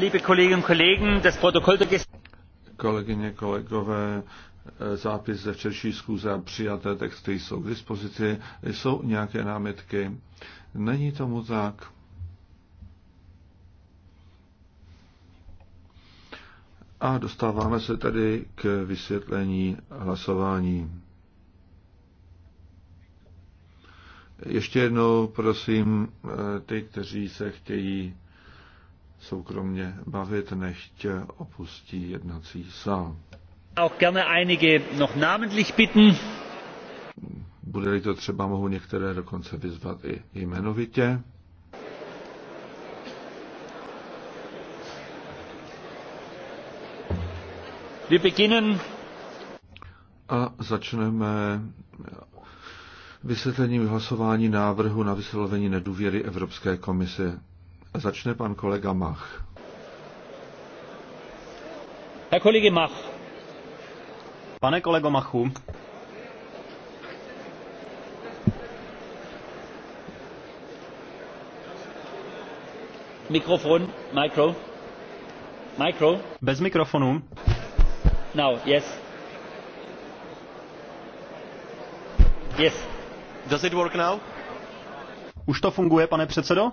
Liebe Kolleginnen und Kollegen, das Protokoll der Kolegyně, kolegové, zápis ze včerší schůze a přijaté texty jsou k dispozici. Jsou nějaké námitky? Není tomu tak. A dostáváme se tedy k vysvětlení hlasování. Ještě jednou prosím eh, ty, kteří se chtějí soukromně bavit, nechť opustí jednací sál. Auch gerne einige noch namentlich bitten. Bude-li to třeba, mohu některé dokonce vyzvat i jmenovitě. Wir beginnen a začneme vysvětlením hlasování návrhu na vyslovení nedůvěry Evropské komise. Začne pan kolega Mach. Herr Kollege Mach. Pane kolego Machu. Mikrofon, micro. Micro. Bez mikrofonu. Now, yes. Yes. Does it work now? Už to funguje, pane předsedo?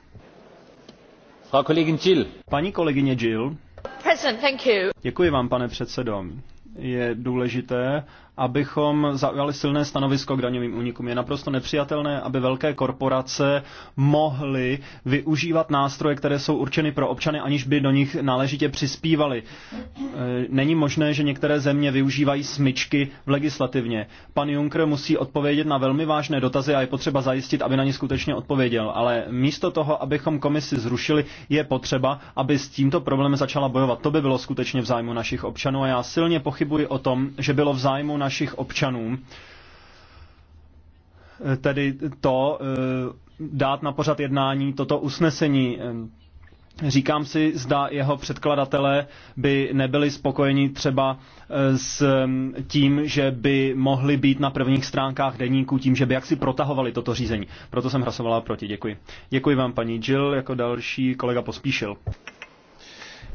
Paní kolegyně Jill. Děkuji vám, pane předsedo. Je důležité, abychom zaujali silné stanovisko k daňovým únikům. Je naprosto nepřijatelné, aby velké korporace mohly využívat nástroje, které jsou určeny pro občany, aniž by do nich náležitě přispívali. E, není možné, že některé země využívají smyčky v legislativně. Pan Juncker musí odpovědět na velmi vážné dotazy a je potřeba zajistit, aby na ně skutečně odpověděl. Ale místo toho, abychom komisi zrušili, je potřeba, aby s tímto problémem začala bojovat. To by bylo skutečně v zájmu našich občanů a já silně pochybuji o tom, že bylo v zájmu našich našich občanů, e, tedy to e, dát na pořad jednání toto usnesení. E, říkám si, zda jeho předkladatelé by nebyli spokojeni třeba s tím, že by mohli být na prvních stránkách deníku, tím, že by jaksi protahovali toto řízení. Proto jsem hlasovala proti. Děkuji. Děkuji vám, paní Jill, jako další kolega pospíšil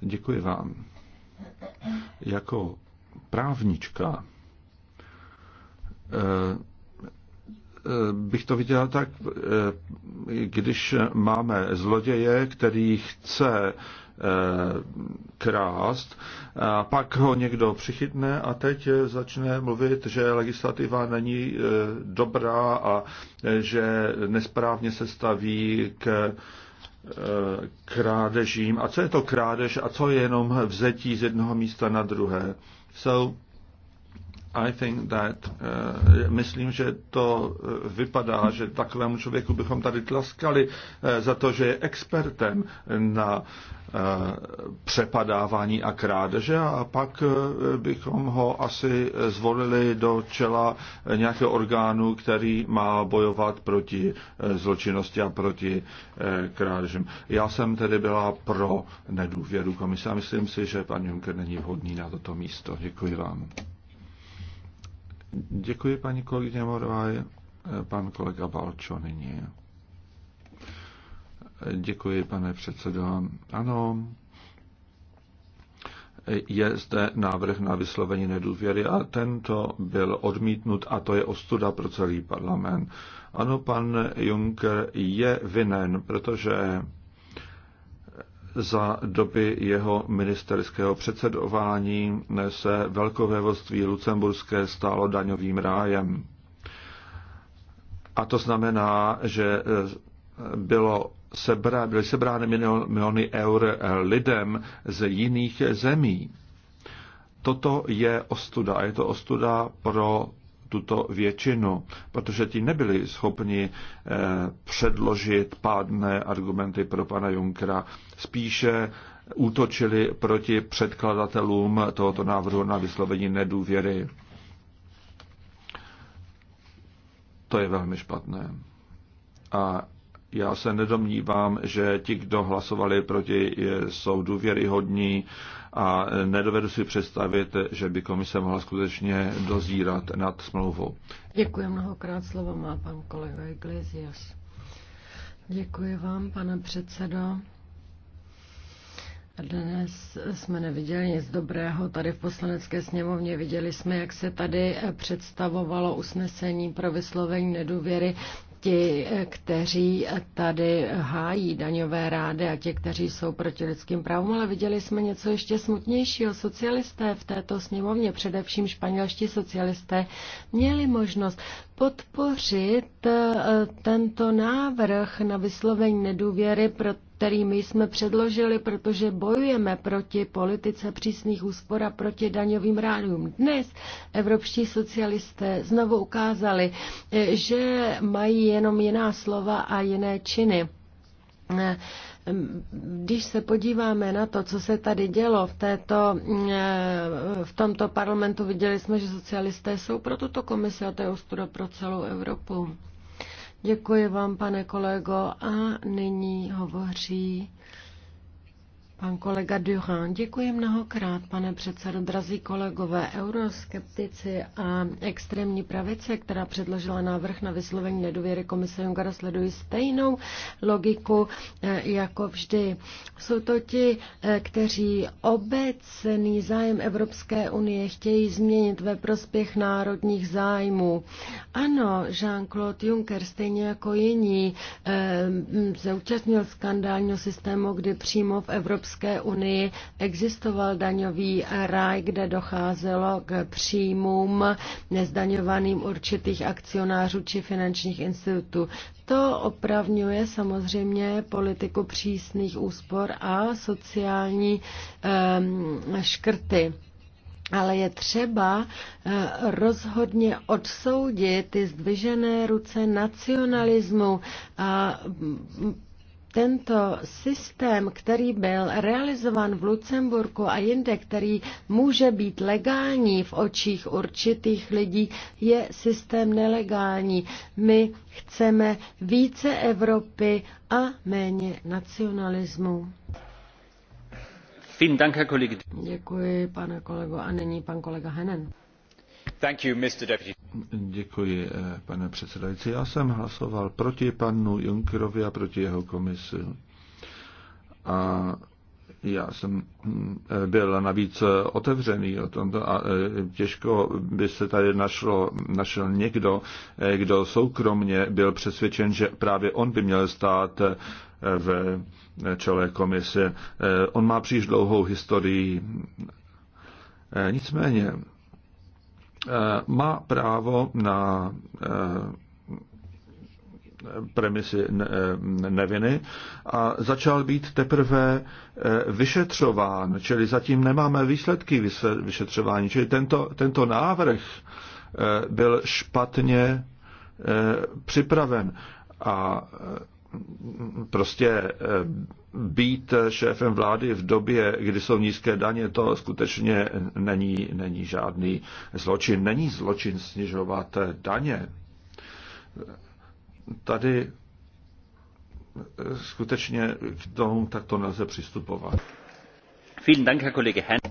Děkuji vám. Jako právnička eh, eh, bych to viděla tak, eh, když máme zloděje, který chce krást, a pak ho někdo přichytne a teď začne mluvit, že legislativa není dobrá a že nesprávně se staví k Eh, krádežím. A co je to krádež a co je jenom vzetí z jednoho místa na druhé? Jsou i think that, uh, myslím, že to eh, vypadá, že takovému člověku bychom tady tlaskali uh, eh, za to, že je expertem na uh, přepadávání a krádeže a pak uh, bychom ho asi zvolili do čela nějakého orgánu, který má bojovat proti uh, zločinnosti a proti uh, krádežem. Já jsem tedy byla pro nedůvěru komise a myslím si, že pan Juncker není vhodný na toto místo. Děkuji vám. Děkuji paní kolegyně Morová, pan kolega Balčo nyní. Děkuji, pane předsedo. Ano, je zde návrh na vyslovení nedůvěry a tento byl odmítnut a to je ostuda pro celý parlament. Ano, pan Juncker je vinen, protože za doby jeho ministerského předsedování se velkovévodství Lucemburské stálo daňovým rájem. A to znamená, že eh, bylo sebra, byly sebrány miliony eur eh, lidem z jiných zemí. Toto je ostuda. Je to ostuda pro tuto většinu, protože ti nebyli schopni eh, předložit pádné argumenty pro pana Junkera. Spíše eh, útočili proti předkladatelům tohoto návrhu na vyslovení nedůvěry. To je velmi špatné. A já se nedomnívám, že ti, kdo hlasovali proti, jsou důvěryhodní a nedovedu si představit, že by komise mohla skutečně dozírat nad smlouvou. Děkuji mnohokrát, slovo má pan kolega Iglesias. Děkuji vám, pane předsedo. Dnes jsme neviděli nic dobrého. Tady v poslanecké sněmovně viděli jsme, jak se tady představovalo usnesení pro vyslovení nedůvěry ti, eh, kteří tady hájí daňové rády a ti, kteří jsou proti lidským právům, ale viděli jsme něco ještě smutnějšího. Socialisté v této sněmovně, především španělští socialisté, měli možnost podpořit eh, tento návrh na vyslovení nedůvěry, protože který my jsme předložili, protože bojujeme proti politice přísných úspor a proti daňovým rádům. Dnes evropští socialisté znovu ukázali, že mají jenom jiná slova a jiné činy. Když se podíváme na to, co se tady dělo v, této, v tomto parlamentu, viděli jsme, že socialisté jsou pro tuto komisi a to je ostuda pro celou Evropu. Děkuji vám, pane kolego, a nyní hovoří Pan kolega Duchan, děkuji mnohokrát, pane předsedo, drazí kolegové, euroskeptici a extrémní pravice, která předložila návrh na vyslovení nedůvěry komise Junkara, sledují stejnou logiku eh, jako vždy. Jsou to ti, eh, kteří obecný zájem Evropské unie chtějí změnit ve prospěch národních zájmů. Ano, Jean-Claude Juncker, stejně jako jiní, eh, se účastnil skandálního systému, kdy přímo v Evropské Evropské unii existoval daňový ráj, kde docházelo k příjmům nezdaňovaným určitých akcionářů či finančních institutů. To opravňuje samozřejmě politiku přísných úspor a sociální ehm, škrty. Ale je třeba eh, rozhodně odsoudit ty zdvižené ruce nacionalismu a tento systém, který byl realizován v Lucemburku a jinde, který může být legální v očích určitých lidí, je systém nelegální. My chceme více Evropy a méně nacionalismu. Děkuji, pane kolego. A nyní pan kolega Henen. Thank you, Mr. Deputy. Děkuji, eh, pane předsedající. Já jsem hlasoval proti panu Junkerovi a proti jeho komisi. A já jsem eh, byl navíc eh, otevřený o tomto a těžko by se tady našlo, našel někdo, kdo soukromně byl přesvědčen, že právě on by měl stát v čele komise. On má příliš dlouhou historii. Nicméně Eh, má právo na eh, premisy eh, neviny a začal být teprve vyšetřován, čili zatím nemáme výsledky vyšetřování, čili tento, tento návrh byl špatně připraven a prostě eh, být šéfem vlády v době, kdy jsou nízké daně, to skutečně není, není žádný zločin. Není zločin snižovat daně. Tady skutečně k tomu takto nelze přistupovat.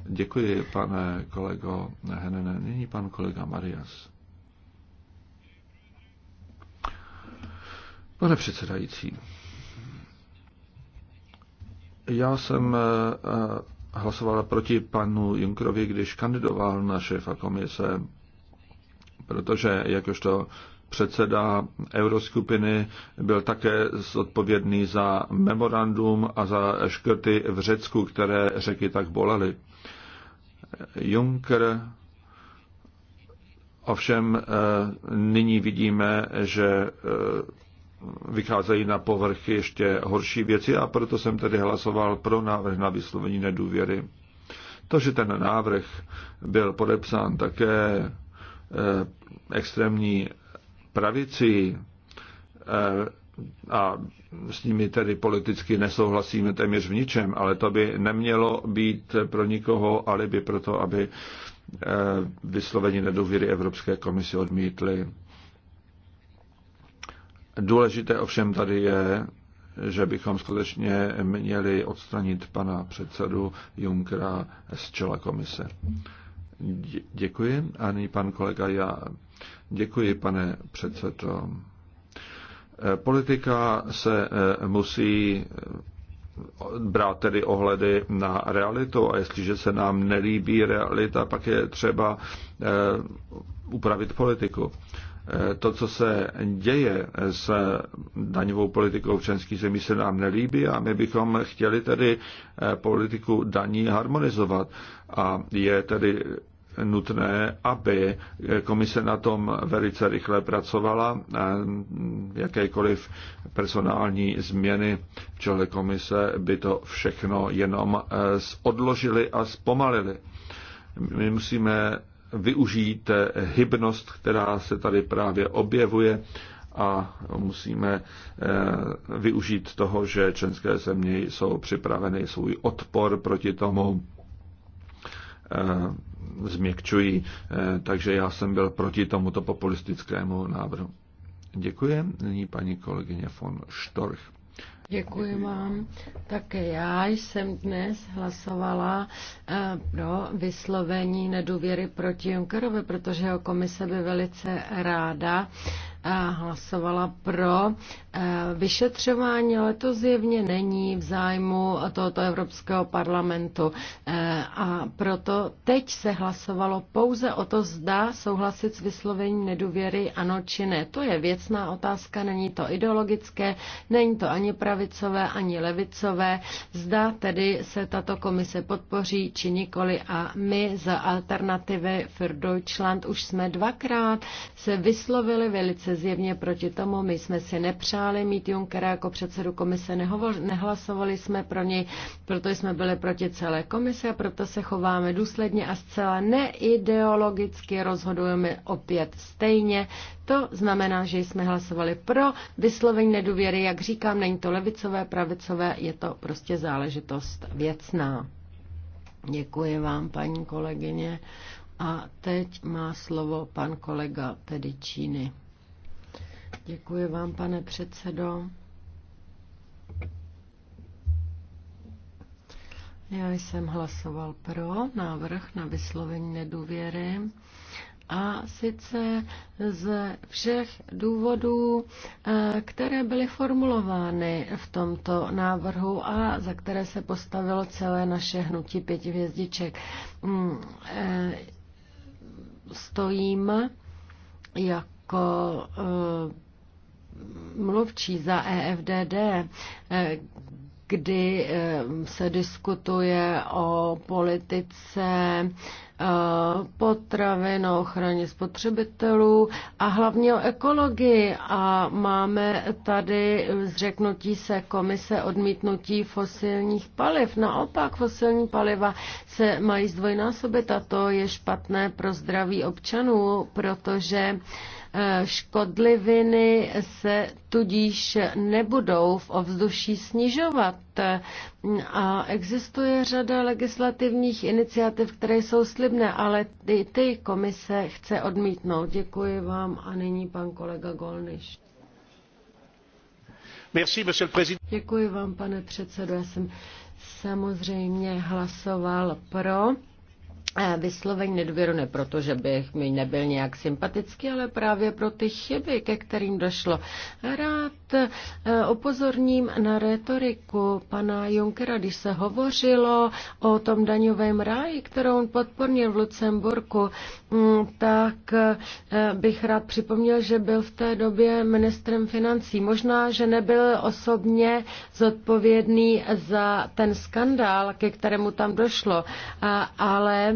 Děkuji, pane kolego Henene. Nyní pan kolega Marias. Pane předsedající, já jsem eh, eh, hlasovala proti panu Junkrovi, když kandidoval na šéfa komise, protože jakožto předseda euroskupiny byl také zodpovědný za memorandum a za škrty v Řecku, které řeky tak bolely. Juncker ovšem eh, nyní vidíme, že vycházejí na povrch ještě horší věci a proto jsem tedy hlasoval pro návrh na vyslovení nedůvěry. To, že ten návrh byl podepsán také eh, extrémní pravici eh, a s nimi tedy politicky nesouhlasíme téměř v ničem, ale to by nemělo být pro nikoho alibi pro to, aby eh, vyslovení nedůvěry Evropské komisi odmítli. Důležité ovšem tady je, že bychom skutečně měli odstranit pana předsedu Junkera z čela komise. Děkuji. A nyní pan kolega já. Děkuji, pane předsedo. Politika se eh, musí eh, brát tedy ohledy na realitu a jestliže se nám nelíbí realita, pak je třeba eh, upravit politiku. Eh, to, co se děje s daňovou politikou v členských zemí, se nám nelíbí a my bychom chtěli tedy eh, politiku daní harmonizovat. A je tedy nutné, aby eh, komise na tom velice rychle pracovala. Jakékoliv personální změny v čele komise by to všechno jenom odložili a zpomalili. My musíme využít hybnost, která se tady právě objevuje a musíme eh, využít toho, že členské země jsou připraveny svůj odpor proti tomu eh, změkčují. Eh, takže já jsem byl proti tomuto populistickému návrhu. Děkuji. Nyní paní kolegyně von Storch. Děkuji vám. Také já jsem dnes hlasovala eh, pro vyslovení nedůvěry proti Junckerovi, protože jeho komise by velice ráda hlasovala pro. E, vyšetřování to zjevně není v zájmu tohoto Evropského parlamentu e, a proto teď se hlasovalo pouze o to, zda souhlasit s vyslovením nedůvěry ano či ne. To je věcná otázka, není to ideologické, není to ani pravicové, ani levicové. Zda tedy se tato komise podpoří či nikoli a my za alternativy für Deutschland už jsme dvakrát se vyslovili velice zjevně proti tomu. My jsme si nepřáli mít Junckera jako předsedu komise, nehovo- nehlasovali jsme pro něj, proto jsme byli proti celé komise a proto se chováme důsledně a zcela neideologicky rozhodujeme opět stejně. To znamená, že jsme hlasovali pro vyslovení nedůvěry. Jak říkám, není to levicové, pravicové, je to prostě záležitost věcná. Děkuji vám, paní kolegyně. A teď má slovo pan kolega Číny. Děkuji vám, pane předsedo. Já jsem hlasoval pro návrh na vyslovení nedůvěry a sice ze všech důvodů, eh, které byly formulovány v tomto návrhu a za které se postavilo celé naše hnutí pěti hvězdiček. Mm, eh, stojím jako eh, mluvčí za EFDD, kdy eh, se diskutuje o politice eh, potravin, o ochraně spotřebitelů a hlavně o ekologii. A máme tady zřeknutí se komise odmítnutí fosilních paliv. Naopak fosilní paliva se mají zdvojnásobit a to je špatné pro zdraví občanů, protože Eh, škodliviny se tudíž nebudou v ovzduší snižovat. Eh, a existuje řada legislativních iniciativ, které jsou slibné, ale ty, ty komise chce odmítnout. Děkuji vám a nyní pan kolega Golniš. Děkuji vám, pane předsedo. Já jsem samozřejmě hlasoval pro Eh, vysloveň nedůvěru ne proto, že bych mi nebyl nějak sympatický, ale právě pro ty chyby, ke kterým došlo. Rád opozorním eh, na retoriku pana Junkera, když se hovořilo o tom daňovém ráji, kterou on podpornil v Lucemburku, mm, tak eh, bych rád připomněl, že byl v té době ministrem financí. Možná, že nebyl osobně zodpovědný za ten skandál, ke kterému tam došlo, ale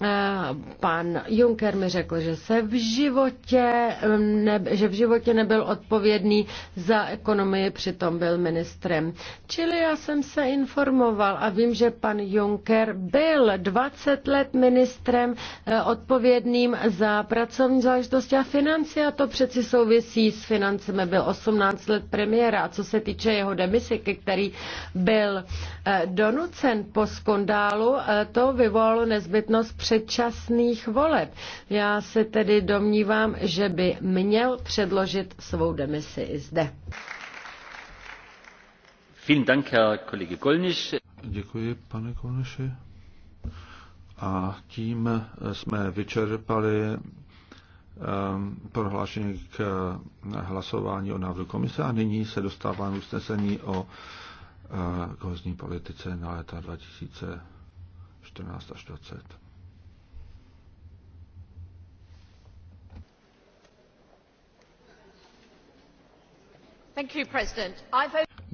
Eh, pan Juncker mi řekl, že se v životě, ne, že v životě nebyl odpovědný za ekonomii, přitom byl ministrem. Čili já jsem se informoval a vím, že pan Juncker byl 20 let ministrem eh, odpovědným za pracovní záležitosti a finance a to přeci souvisí s financemi. Byl 18 let premiéra a co se týče jeho demisy, který byl eh, donucen po skandálu, to vyvolalo nezbytnost předčasných voleb. Já se tedy domnívám, že by měl předložit svou demisi i zde. Děkuji, pane Kolniši. A tím jsme vyčerpali ehm, prohlášení k eh, hlasování o návrhu komise a nyní se dostává usnesení o eh, kohozní politice na léta 2014 až 2020.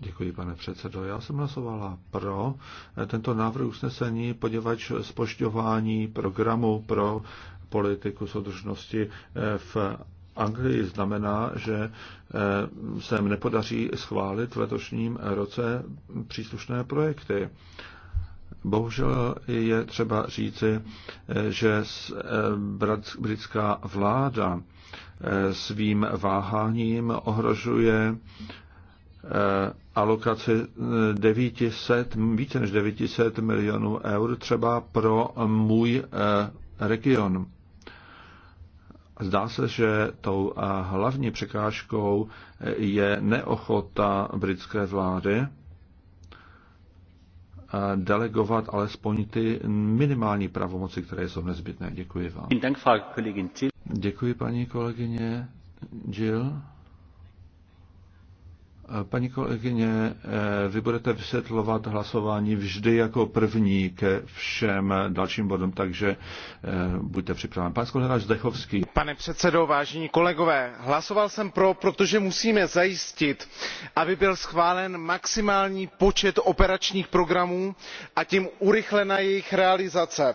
Děkuji, pane předsedo. Já jsem hlasovala pro eh, tento návrh usnesení, poněvadž spošťování programu pro politiku soudržnosti eh, v Anglii znamená, že eh, se nepodaří schválit v letošním roce příslušné projekty. Bohužel je třeba říci, že eh, britská vláda eh, svým váháním ohrožuje eh, alokaci 900, více než 900 milionů eur třeba pro můj region. Zdá se, že tou hlavní překážkou je neochota britské vlády delegovat alespoň ty minimální pravomoci, které jsou nezbytné. Děkuji vám. Děkuji paní kolegyně Jill. Paní kolegyně, eh, vy budete vysvětlovat hlasování vždy jako první ke všem dalším bodům, takže eh, buďte připraven. Pan Skolhráč Zdechovský. Pane předsedo, vážení kolegové, hlasoval jsem pro, protože musíme zajistit, aby byl schválen maximální počet operačních programů a tím urychlena jejich realizace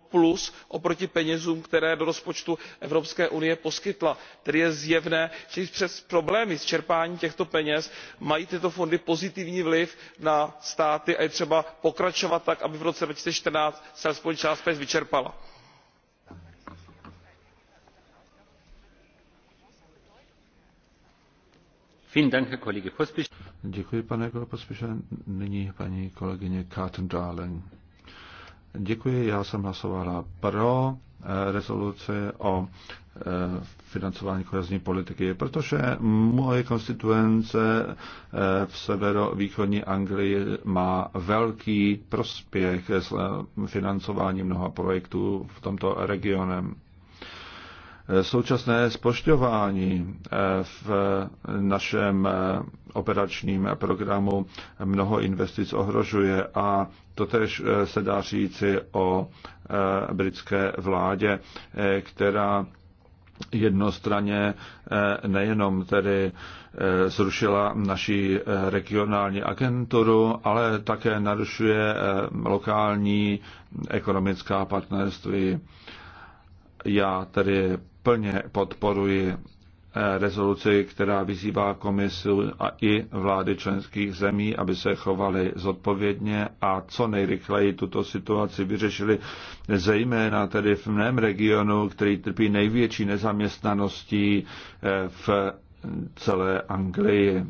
plus oproti penězům které do rozpočtu evropské unie poskytla. tedy je zjevné že i přes problémy s čerpáním těchto peněz mají tyto fondy pozitivní vliv na státy a je třeba pokračovat tak aby v roce two thousand and fourteen se alespoň část peněz vyčerpala. pane Nyní paní kolegyně Děkuji, já jsem hlasovala pro eh, rezoluce o eh, financování kohezní politiky, protože moje konstituence eh, v severovýchodní Anglii má velký prospěch s financováním mnoha projektů v tomto regionem. Eh, současné spošťování eh, v našem eh, operačním programu mnoho investic ohrožuje a to tež se dá říci o britské vládě, která jednostranně nejenom tedy zrušila naši regionální agenturu, ale také narušuje lokální ekonomická partnerství. Já tedy plně podporuji eh, rezoluci, která vyzývá komisu a i vlády členských zemí, aby se chovali zodpovědně a co nejrychleji tuto situaci vyřešili, zejména tedy v mém regionu, který trpí největší nezaměstnaností eh, v celé Anglii.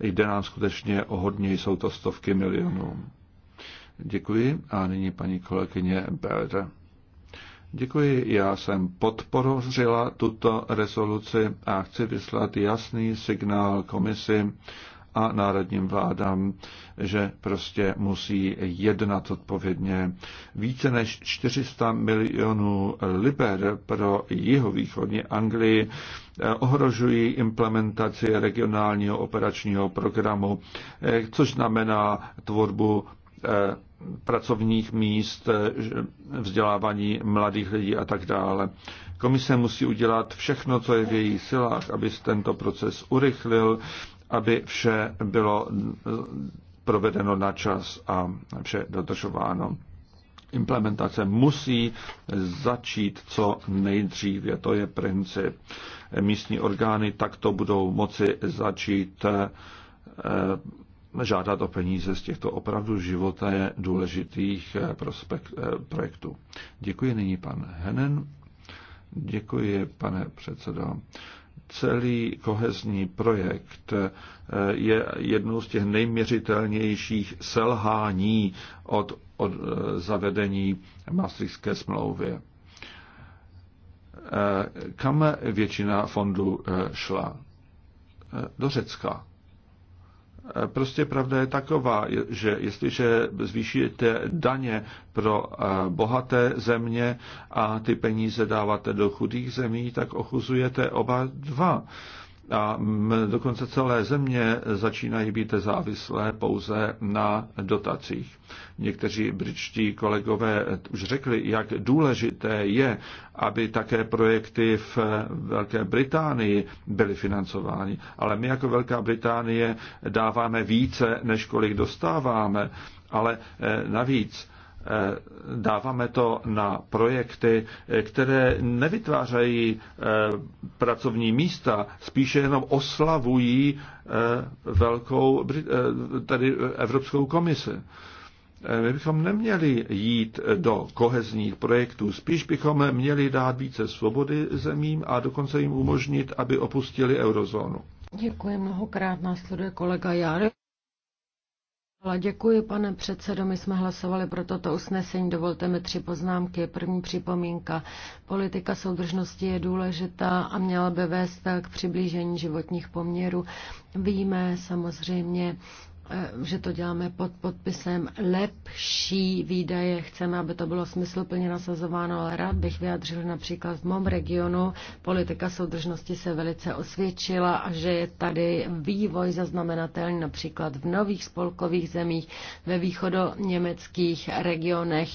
Jde nám skutečně o hodně, jsou to stovky milionů. Děkuji a nyní paní kolegyně Berda. Děkuji, já jsem podpořila tuto rezoluci a chci vyslat jasný signál komisi a národním vládám, že prostě musí jednat odpovědně. Více než 400 milionů liber pro jihovýchodní Anglii eh, ohrožují implementaci regionálního operačního programu, eh, což znamená tvorbu eh, pracovních míst, vzdělávání mladých lidí a tak dále. Komise musí udělat všechno, co je v jejich silách, aby tento proces urychlil, aby vše bylo provedeno na čas a vše dodržováno. Implementace musí začít co nejdříve, to je princip. Místní orgány takto budou moci začít eh, žádat o peníze z těchto opravdu života je důležitých eh, prospekt, eh, projektů. Děkuji nyní pan Henen. Děkuji, pane předsedo. Celý kohezní projekt eh, je jednou z těch nejměřitelnějších selhání od, od zavedení Maastrichtské smlouvy. Kam většina fondů šla? Do Řecka Eh, prostě pravda je taková, že jestliže zvýšíte daně pro eh, bohaté země a ty peníze dáváte do chudých zemí, tak ochuzujete oba dva a dokonce celé země začínají být závislé pouze na dotacích. Někteří britští kolegové už řekli, jak důležité je, aby také projekty v Velké Británii byly financovány. Ale my jako Velká Británie dáváme více, než kolik dostáváme. Ale eh, navíc Eh, dáváme to na projekty, eh, které nevytvářejí eh, pracovní místa, spíše jenom oslavují velkou, tady Evropskou komisi. My bychom neměli jít do kohezních projektů, spíš bychom měli dát více svobody zemím a dokonce jim umožnit, aby opustili eurozónu. Děkuji mnohokrát, následuje kolega Jarek. Děkuji, pane předsedo. My jsme hlasovali pro toto usnesení. Dovolte mi tři poznámky. První připomínka. Politika soudržnosti je důležitá a měla by vést k přiblížení životních poměrů. Víme samozřejmě, Eh, že to děláme pod podpisem lepší výdaje. Chceme, aby to bylo smysluplně nasazováno, ale rád bych vyjadřil například v mém regionu. Politika soudržnosti se velice osvědčila a že je tady vývoj zaznamenatelný například v nových spolkových zemích, ve východoněmeckých regionech.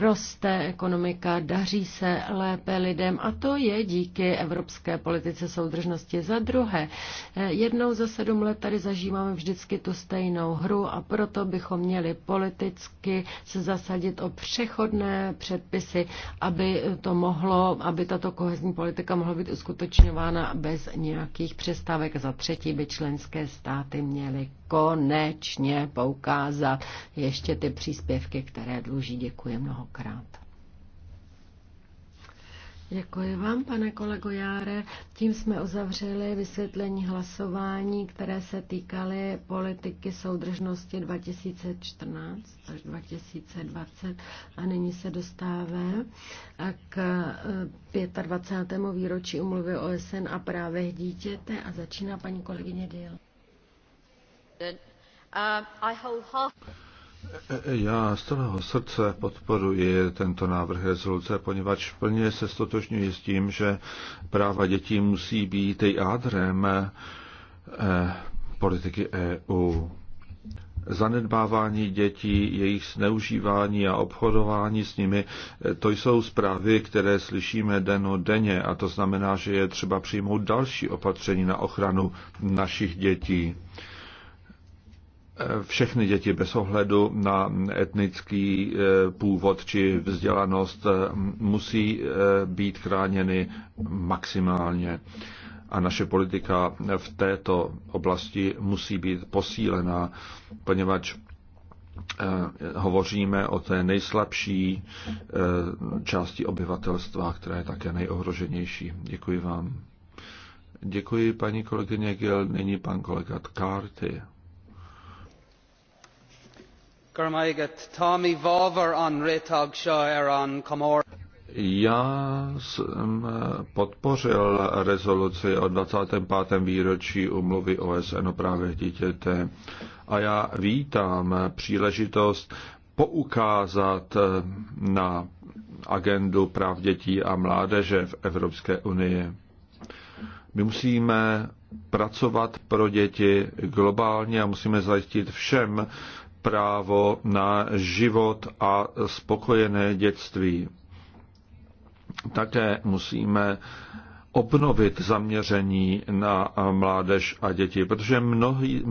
Roste ekonomika, daří se lépe lidem a to je díky evropské politice soudržnosti. Za druhé, eh, jednou za sedm let tady zažíváme vždycky tu stejnou stejnou hru a proto bychom měli politicky se zasadit o přechodné předpisy, aby to mohlo, aby tato kohezní politika mohla být uskutečňována bez nějakých přestávek. Za třetí by členské státy měly konečně poukázat ještě ty příspěvky, které dluží. Děkuji mnohokrát. Děkuji vám, pane kolego Járe. Tím jsme uzavřeli vysvětlení hlasování, které se týkaly politiky soudržnosti 2014 až 2020 a nyní se dostává. k 25. Eh, výročí umluvy OSN a právech dítěte a začíná paní kolegyně Diel. Uh, já z celého srdce podporuji tento návrh rezoluce, poněvadž plně se stotožňuji s tím, že práva dětí musí být ádrem eh, politiky EU. Zanedbávání dětí, jejich zneužívání a obchodování s nimi, eh, to jsou zprávy, které slyšíme den o denně a to znamená, že je třeba přijmout další opatření na ochranu našich dětí všechny děti bez ohledu na etnický eh, původ či vzdělanost eh, musí eh, být chráněny maximálně. A naše politika v této oblasti musí být posílená, poněvadž hovoříme o té nejslabší části obyvatelstva, která je také nejohroženější. Děkuji vám. Děkuji paní kolegyně Gil, nyní pan kolega Tkárty. Er já jsem podpořil rezoluci o 25. výročí umluvy OSN o právech dítěte a já vítám příležitost poukázat na agendu práv dětí a mládeže v Evropské unii. My musíme pracovat pro děti globálně a musíme zajistit všem právo na život a spokojené dětství. Také musíme obnovit zaměření na mládež a děti, protože mnohí,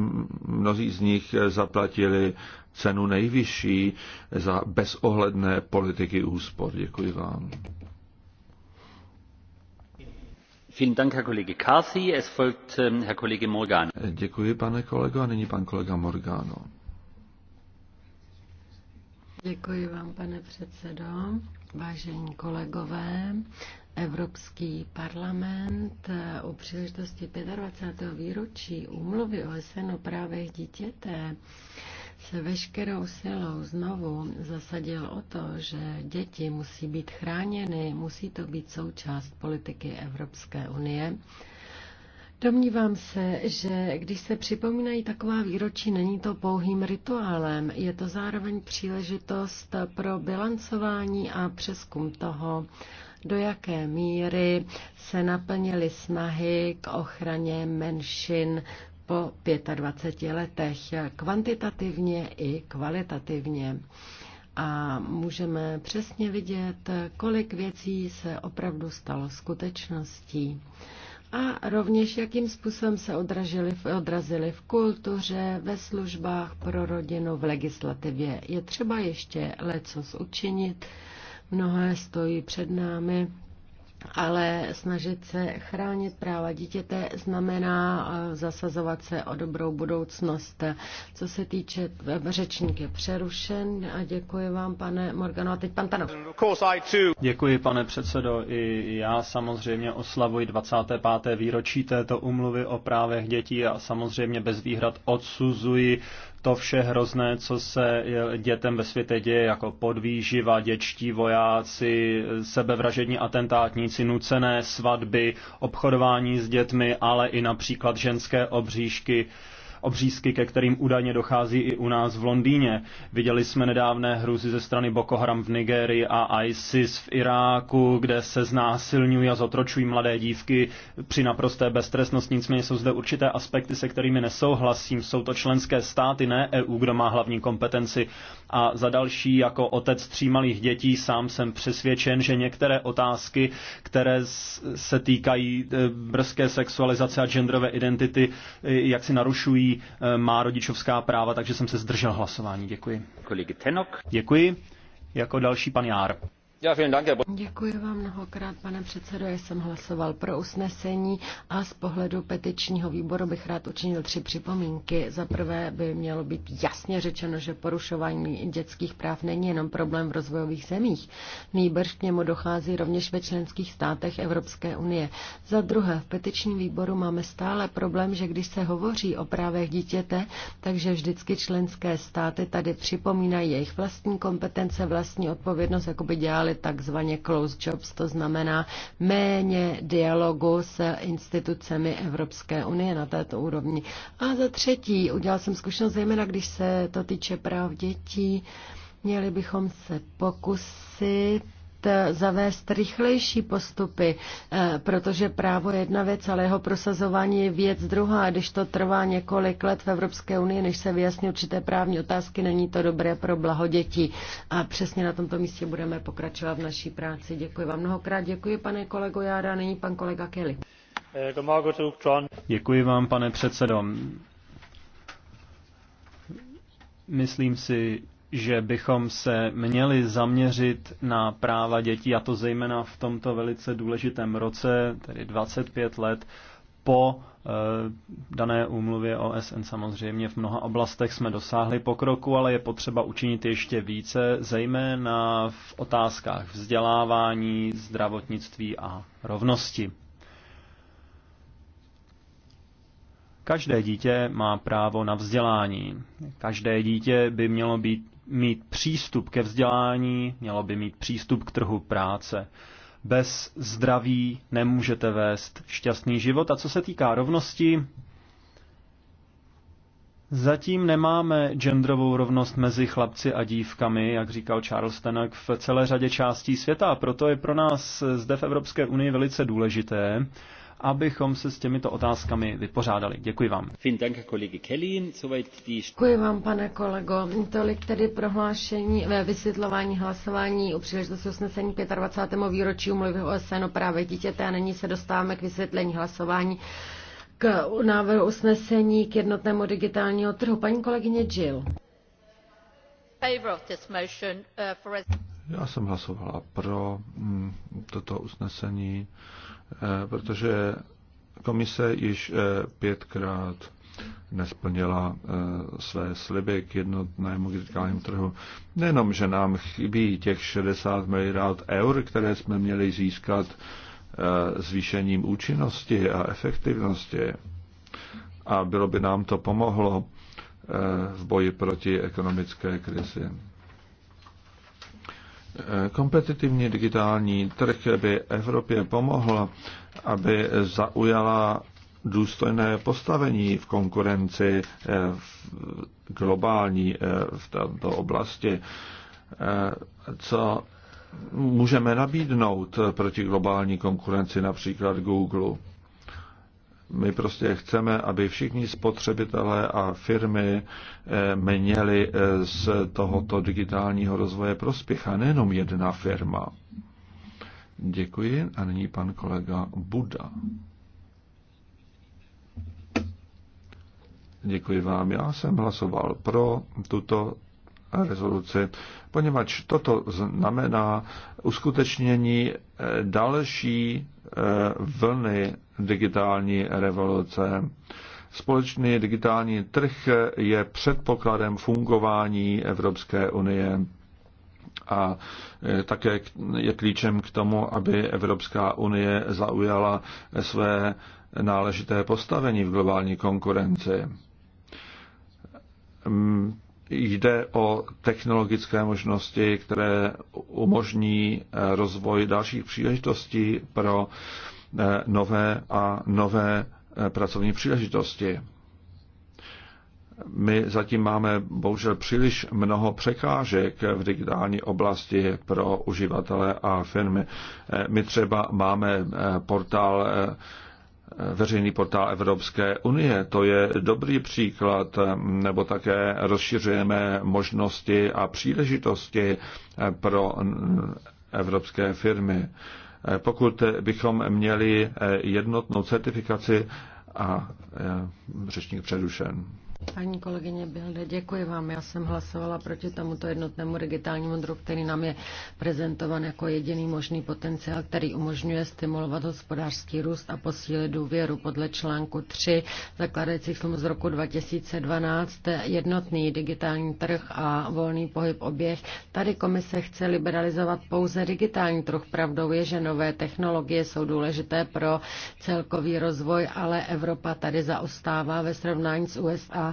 mnozí z nich zaplatili cenu nejvyšší za bezohledné politiky úspor. Děkuji vám. Ähm, Děkuji, pane kolego. A nyní pan kolega Morgano. Děkuji vám, pane předsedo. Vážení kolegové, Evropský parlament eh, u příležitosti 25. výročí úmluvy OSN o právech dítěte se veškerou silou znovu zasadil o to, že děti musí být chráněny, musí to být součást politiky Evropské unie Domnívám se, že když se připomínají taková výročí, není to pouhým rituálem, je to zároveň příležitost pro bilancování a přeskum toho, do jaké míry se naplnily snahy k ochraně menšin po 25 letech, kvantitativně i kvalitativně. A můžeme přesně vidět, kolik věcí se opravdu stalo skutečností a rovněž jakým způsobem se odražili, odrazili v kultuře, ve službách pro rodinu, v legislativě. Je třeba ještě lecos učinit, mnohé stojí před námi ale snažit se chránit práva dítěte znamená eh, zasazovat se o dobrou budoucnost. Co se týče eh, řečník je přerušen a děkuji vám, pane Morgano. A teď pan Tanov. Děkuji, pane předsedo. I já samozřejmě oslavuji 25. výročí této umluvy o právech dětí a samozřejmě bez výhrad odsuzuji to vše hrozné, co se dětem ve světě děje, jako podvýživa, děčtí vojáci, sebevražední atentátníci, nucené svatby, obchodování s dětmi, ale i například ženské obříšky obřízky, ke kterým údajně dochází i u nás v Londýně. Viděli jsme nedávné hrůzy ze strany Boko Haram v Nigerii a ISIS v Iráku, kde se znásilňují a zotročují mladé dívky při naprosté beztrestnosti. Nicméně jsou zde určité aspekty, se kterými nesouhlasím. Jsou to členské státy, ne EU, kdo má hlavní kompetenci. A za další, jako otec tří malých dětí, sám jsem přesvědčen, že některé otázky, které se týkají e, brzké sexualizace a genderové identity, e, jak si narušují Eh, má rodičovská práva, takže jsem se zdržel hlasování. Děkuji. Děkuji. Jako další pan Jár. Děkuji vám mnohokrát, pane předsedo. Já jsem hlasoval pro usnesení a z pohledu petičního výboru bych rád učinil tři připomínky. Za prvé by mělo být jasně řečeno, že porušování dětských práv není jenom problém v rozvojových zemích. Nýbrž k němu dochází rovněž ve členských státech Evropské unie. Za druhé, v petičním výboru máme stále problém, že když se hovoří o právech dítěte, takže vždycky členské státy tady připomínají jejich vlastní kompetence, vlastní odpovědnost, jako by dělali takzvaně close jobs, to znamená méně dialogu s institucemi Evropské unie na této úrovni. A za třetí, udělal jsem zkušenost zejména, když se to týče práv dětí, měli bychom se pokusit Eh, zavést rychlejší postupy, eh, protože právo je jedna věc, ale jeho prosazování je věc druhá. Když to trvá několik let v Evropské unii, než se vyjasní určité právní otázky, není to dobré pro blaho dětí. A přesně na tomto místě budeme pokračovat v naší práci. Děkuji vám mnohokrát. Děkuji, pane kolego Jára. Nyní pan kolega Kelly. Děkuji vám, pane předsedo. Myslím si, že bychom se měli zaměřit na práva dětí, a to zejména v tomto velice důležitém roce, tedy 25 let po eh, dané úmluvě OSN samozřejmě v mnoha oblastech jsme dosáhli pokroku, ale je potřeba učinit ještě více, zejména v otázkách vzdělávání, zdravotnictví a rovnosti. Každé dítě má právo na vzdělání. Každé dítě by mělo být mít přístup ke vzdělání, mělo by mít přístup k trhu práce. Bez zdraví nemůžete vést šťastný život. A co se týká rovnosti, zatím nemáme genderovou rovnost mezi chlapci a dívkami, jak říkal Charles Tenek, v celé řadě částí světa. a Proto je pro nás zde v Evropské unii velice důležité, abychom se s těmito otázkami vypořádali. Děkuji vám. Děkuji vám, pane kolego. Tolik tedy prohlášení ve eh, vysvětlování hlasování u příležitosti usnesení 25. výročí umluvy OSN o právě dítěte a nyní se dostáváme k vysvětlení hlasování k návrhu usnesení k jednotnému digitálního trhu. Paní kolegyně Jill. Uh, Já jsem hlasovala pro mm, toto usnesení Eh, protože komise již eh, pětkrát nesplnila eh, své sliby k jednotnému digitálnímu trhu. Nejenom, že nám chybí těch 60 miliard eur, které jsme měli získat zvýšením účinnosti a efektivnosti, a bylo by nám to pomohlo v boji proti ekonomické krizi. Kompetitivní digitální trh by Evropě pomohl, aby zaujala důstojné postavení v konkurenci eh, v globální eh, v této oblasti. Eh, co můžeme nabídnout proti globální konkurenci, například Google? My prostě chceme, aby všichni spotřebitelé a firmy eh, měli eh, z tohoto digitálního rozvoje prospěch a nejenom jedna firma. Děkuji a nyní pan kolega Buda. Děkuji vám. Já jsem hlasoval pro tuto rezoluci, poněvadž toto znamená uskutečnění eh, další Eh, vlny digitální revoluce. Společný digitální trh je předpokladem fungování Evropské unie a eh, také je klíčem k tomu, aby Evropská unie zaujala své náležité postavení v globální konkurenci Jde o technologické možnosti, které umožní eh, rozvoj dalších příležitostí pro eh, nové a nové eh, pracovní příležitosti. My zatím máme bohužel příliš mnoho překážek v digitální oblasti pro uživatele a firmy. My třeba máme portál veřejný portál Evropské unie. To je dobrý příklad, nebo také rozšiřujeme možnosti a příležitosti pro evropské firmy. Pokud bychom měli jednotnou certifikaci a eh, řečník předušen. Paní kolegyně Bilde, děkuji vám. Já jsem hlasovala proti tomuto jednotnému digitálnímu druhu, který nám je prezentovan jako jediný možný potenciál, který umožňuje stimulovat hospodářský růst a posílit důvěru. Podle článku 3 zakladajících smluv z roku 2012 jednotný digitální trh a volný pohyb oběh. Tady komise chce liberalizovat pouze digitální trh. Pravdou je, že nové technologie jsou důležité pro celkový rozvoj, ale Evropa tady zaostává ve srovnání s USA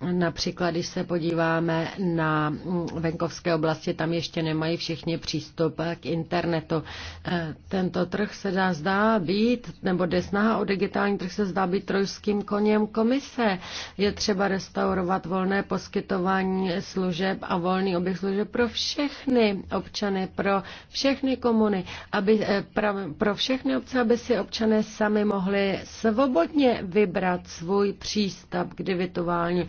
Například, když se podíváme na mm, venkovské oblasti, tam ještě nemají všichni přístup k internetu. Eh, tento trh se dá zdá být, nebo jde snaha o digitální trh se zdá být trojským koněm komise. Je třeba restaurovat volné poskytování služeb a volný oběh služeb pro všechny občany, pro všechny komuny, aby, eh, pro všechny obce, aby si občané sami mohli svobodně vybrat svůj přístup k digitální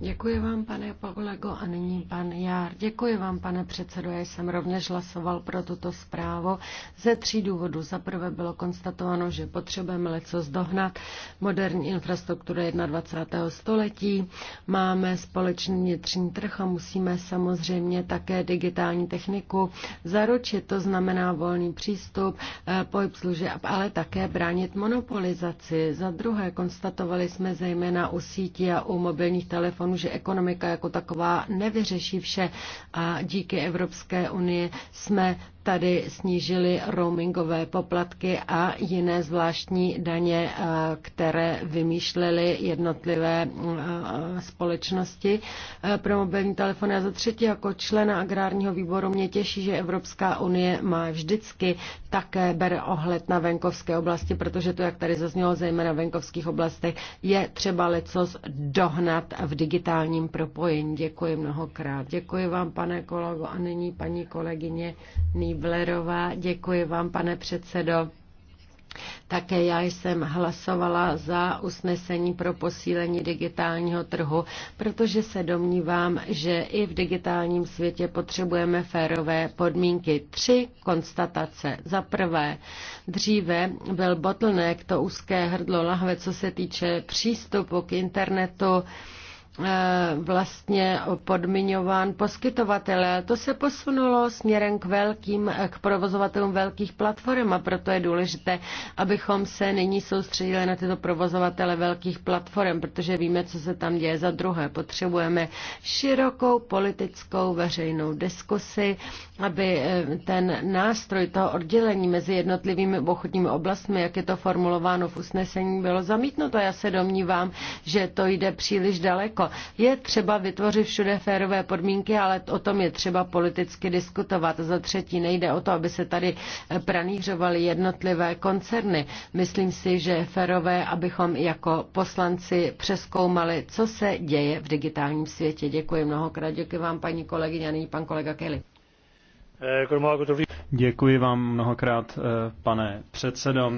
Děkuji vám, pane a nyní pan vám, pane předsedo. Já jsem rovněž hlasoval pro tuto zprávu ze tří důvodů. Za prvé bylo konstatováno, že potřebujeme leccos zdohnat. Moderní infrastruktura jednadvacátého století, máme společný vnitřní trh a musíme samozřejmě také digitální techniku zaručit. To znamená volný přístup, eh, pohyb služeb, ale také bránit monopolizaci. Za druhé konstatovali jsme zejména sítí sítí a u mobilních telefonů, že ekonomika jako taková nevyřeší vše a díky Evropské unie jsme tady snížili roamingové poplatky a jiné zvláštní daně, eh, které vymýšlely jednotlivé eh, společnosti eh, pro mobilní telefony. A za třetí, jako člena agrárního výboru mě těší, že Evropská unie má vždycky také bere ohled na venkovské oblasti, protože to, jak tady zaznělo, zejména v venkovských oblastech, je třeba lecos dohnat v digitálním propojení. Děkuji mnohokrát. Děkuji vám, pane kolego, a nyní paní kolegyně ní. Niblerová. Děkuji vám, pane předsedo. Také já jsem hlasovala za usnesení pro posílení digitálního trhu, protože se domnívám, že i v digitálním světě potřebujeme férové podmínky. Tři konstatace. Za prvé, dříve byl bottleneck, to úzké hrdlo lahve, co se týče přístupu k internetu, Eh, vlastně podmiňován poskytovatele. To se posunulo směrem k velkým, eh, k provozovatelům velkých platform a proto je důležité, abychom se nyní soustředili na tyto provozovatele velkých platform, protože víme, co se tam děje. Za druhé, potřebujeme širokou politickou veřejnou diskusi, aby eh, ten nástroj toho oddělení mezi jednotlivými obchodními oblastmi, jak je to formulováno v usnesení, bylo zamítnuto. Já se domnívám, že to jde příliš daleko hluboko. Jako, je třeba vytvořit všude férové podmínky, ale o tom je třeba politicky diskutovat. Za třetí nejde o to, aby se tady eh, pranířovaly jednotlivé koncerny. Myslím si, že je férové, abychom jako poslanci přeskoumali, co se děje v digitálním světě. Děkuji mnohokrát. Děkuji vám, paní kolegyně, a nyní pan kolega Kelly. Eh, Děkuji vám mnohokrát, eh, pane předsedo.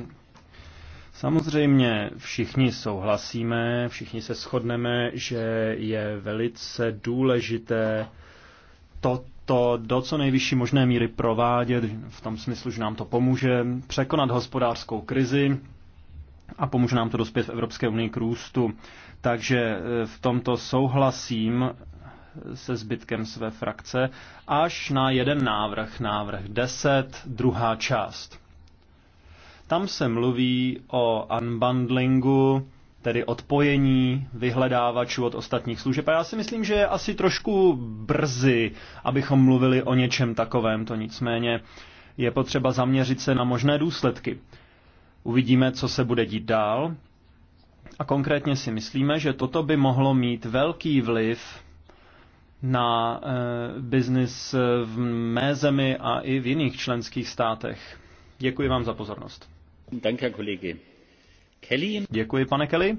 Samozřejmě všichni souhlasíme, všichni se shodneme, že je velice důležité toto do co nejvyšší možné míry provádět, v tom smyslu, že nám to pomůže překonat hospodářskou krizi a pomůže nám to dospět v Evropské unii k růstu. Takže e, v tomto souhlasím se zbytkem své frakce, až na jeden návrh, návrh 10, druhá část. Tam se mluví o unbundlingu, tedy odpojení vyhledávačů od ostatních služeb. A já si myslím, že je asi trošku brzy, abychom mluvili o něčem takovém. To nicméně je potřeba zaměřit se na možné důsledky. Uvidíme, co se bude dít dál. A konkrétně si myslíme, že toto by mohlo mít velký vliv na e, biznis v mé zemi a i v jiných členských státech. Děkuji vám za pozornost. Děkuji, pane Kelly.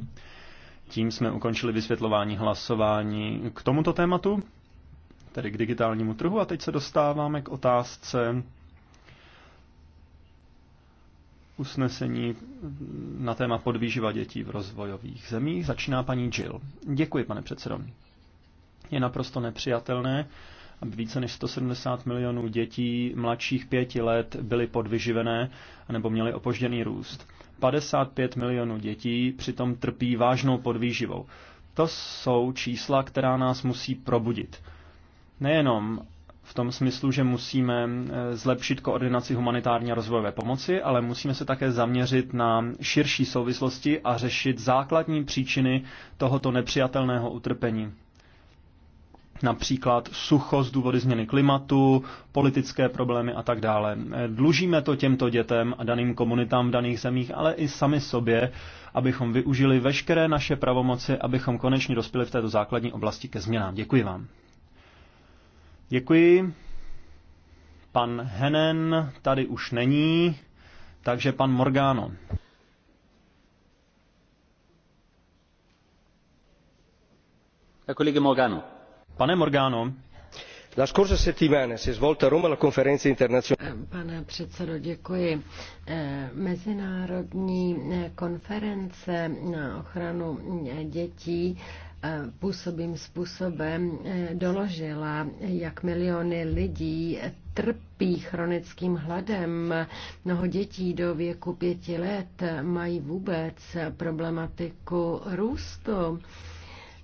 Tím jsme ukončili vysvětlování hlasování k tomuto tématu, tedy k digitálnímu trhu. A teď se dostáváme k otázce usnesení na téma podvýživa dětí v rozvojových zemích. Začíná paní Jill. Děkuji, pane předsedo. Je naprosto nepřijatelné, aby více než 170 milionů dětí mladších pěti let byly podvyživené nebo měly opožděný růst. 55 milionů dětí přitom trpí vážnou podvýživou. To jsou čísla, která nás musí probudit. Nejenom v tom smyslu, že musíme eh, zlepšit koordinaci humanitární a rozvojové pomoci, ale musíme se také zaměřit na širší souvislosti a řešit základní příčiny tohoto nepřijatelného utrpení například sucho z důvody změny klimatu, politické problémy a tak dále. Dlužíme to těmto dětem a daným komunitám v daných zemích, ale i sami sobě, abychom využili veškeré naše pravomoci, abychom konečně dospěli v této základní oblasti ke změnám. Děkuji vám. Děkuji. Pan Henen tady už není, takže pan Morgano. je Morgano. Pane Morgano, Pane předsedo, děkuji. Eh, mezinárodní eh, konference na ochranu eh, dětí působým způsobem doložila, jak miliony lidí trpí chronickým hladem. Mnoho dětí do věku pěti let mají vůbec problematiku růstu.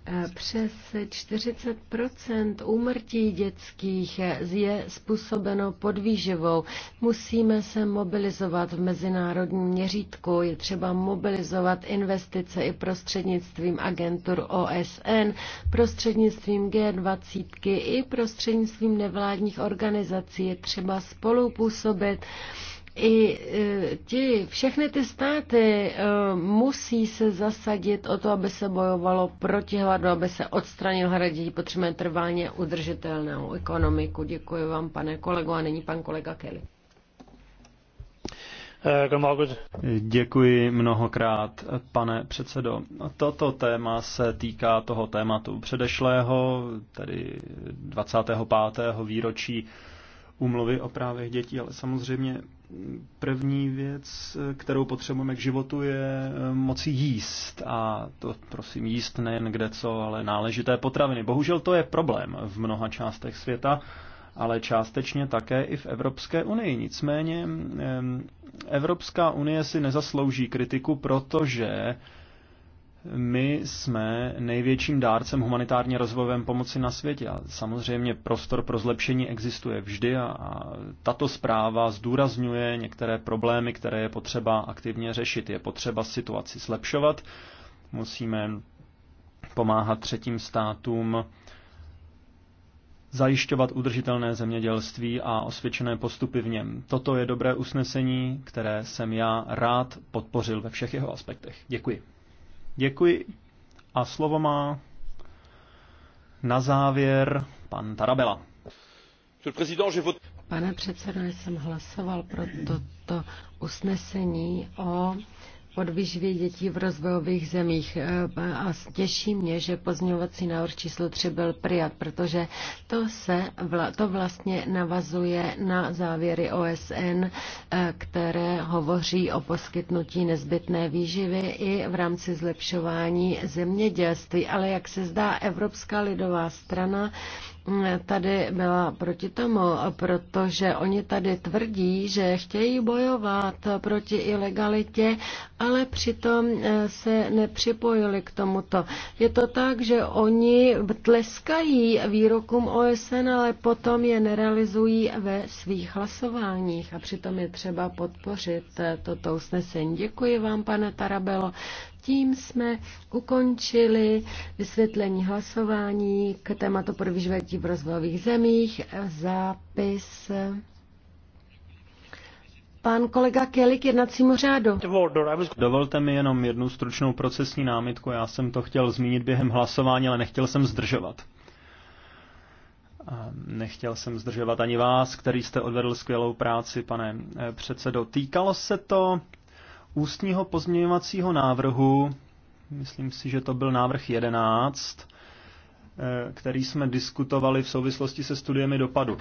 Eh, přes 40 úmrtí dětských je způsobeno podvýživou. Musíme se mobilizovat v mezinárodním měřítku. Je třeba mobilizovat investice i prostřednictvím agentur OSN, prostřednictvím G20 i prostřednictvím nevládních organizací. Je třeba spolupůsobit i e, ti, všechny ty státy e, musí se zasadit o to, aby se bojovalo proti hladu, aby se odstranil hlad. Potřebujeme trvalně udržitelnou ekonomiku. Děkuji vám, pane kolego, a nyní pan kolega Kelly. Děkuji mnohokrát, pane předsedo. Toto téma se týká toho tématu předešlého, tedy 25. výročí úmluvy o právech dětí, ale samozřejmě První věc, kterou potřebujeme k životu, je eh, moci jíst. A to prosím jíst nejen kde co, ale náležité potraviny. Bohužel to je problém v mnoha částech světa, ale částečně také i v Evropské unii. Nicméně eh, Evropská unie si nezaslouží kritiku, protože my jsme největším dárcem humanitárně rozvojové pomoci na světě a samozřejmě prostor pro zlepšení existuje vždy a, a tato zpráva zdůrazňuje některé problémy, které je potřeba aktivně řešit. Je potřeba situaci zlepšovat, musíme pomáhat třetím státům zajišťovat udržitelné zemědělství a osvědčené postupy v něm. Toto je dobré usnesení, které jsem já rád podpořil ve všech jeho aspektech. Děkuji. Děkuji. A slovo má na závěr pan Tarabela. Pane předsedo, jsem hlasoval pro toto usnesení o podvýživě dětí v rozvojových zemích. E, a těší mě, že pozměňovací návrh číslo 3 byl prijat, protože to, se, to vlastně navazuje na závěry OSN, e, které hovoří o poskytnutí nezbytné výživy i v rámci zlepšování zemědělství. Ale jak se zdá, Evropská lidová strana tady byla proti tomu, protože oni tady tvrdí, že chtějí bojovat proti ilegalitě, ale přitom eh, se nepřipojili k tomuto. Je to tak, že oni tleskají výrokům OSN, ale potom je nerealizují ve svých hlasováních a přitom je třeba podpořit eh, toto usnesení. Děkuji vám, pane Tarabelo. Tím jsme ukončili vysvětlení hlasování k tématu podvyživetí v rozvojových zemích. Zápis. Pan kolega Kelly k jednacímu řádu. Dovolte mi jenom jednu stručnou procesní námitku. Já jsem to chtěl zmínit během hlasování, ale nechtěl jsem zdržovat. nechtěl jsem zdržovat ani vás, který jste odvedl skvělou práci, pane eh, předsedo. Týkalo se to ústního pozměňovacího návrhu, myslím si, že to byl návrh 11, eh, který jsme diskutovali v souvislosti se studiemi dopadu.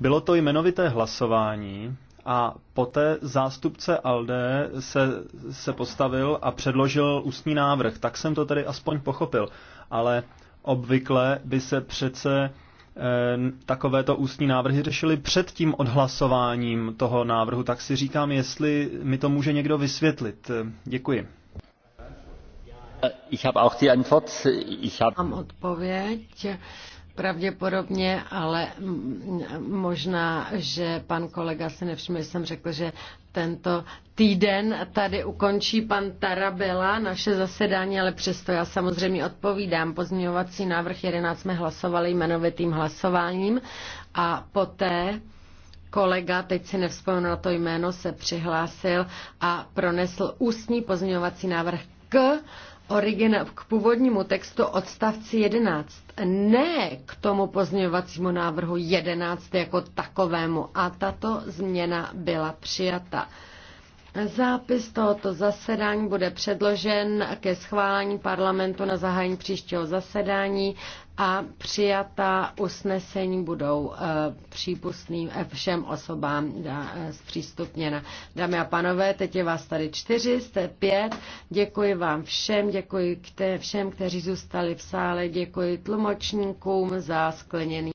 Bylo to jmenovité hlasování a poté zástupce ALDE se, se postavil a předložil ústní návrh. Tak jsem to tedy aspoň pochopil. Ale obvykle by se přece Eh, takovéto ústní návrhy řešili před tím odhlasováním toho návrhu, tak si říkám, jestli mi to může někdo vysvětlit. Eh, děkuji. Eh, ich habe auch die Antwort. Ich habe... Mám odpověď. Pravděpodobně, ale možná, že pan kolega si nevšiml, že jsem řekl, že tento týden tady ukončí pan Tarabela naše zasedání, ale přesto já samozřejmě odpovídám. Pozměňovací návrh 11 jsme hlasovali jmenovitým hlasováním a poté kolega, teď si nevzpomenu na to jméno, se přihlásil a pronesl ústní pozměňovací návrh k origina- k původnímu textu odstavci 11, ne k tomu pozměňovacímu návrhu 11 jako takovému. A tato změna byla přijata. Zápis tohoto zasedání bude předložen ke schválení parlamentu na zahájení příštího zasedání a přijatá usnesení budou eh, přípustným všem osobám eh, zpřístupněna. Dámy a panové, teď je vás tady čtyři, jste pět. Děkuji vám všem, děkuji všem, kteří zůstali v sále, děkuji tlumočníkům za skleněný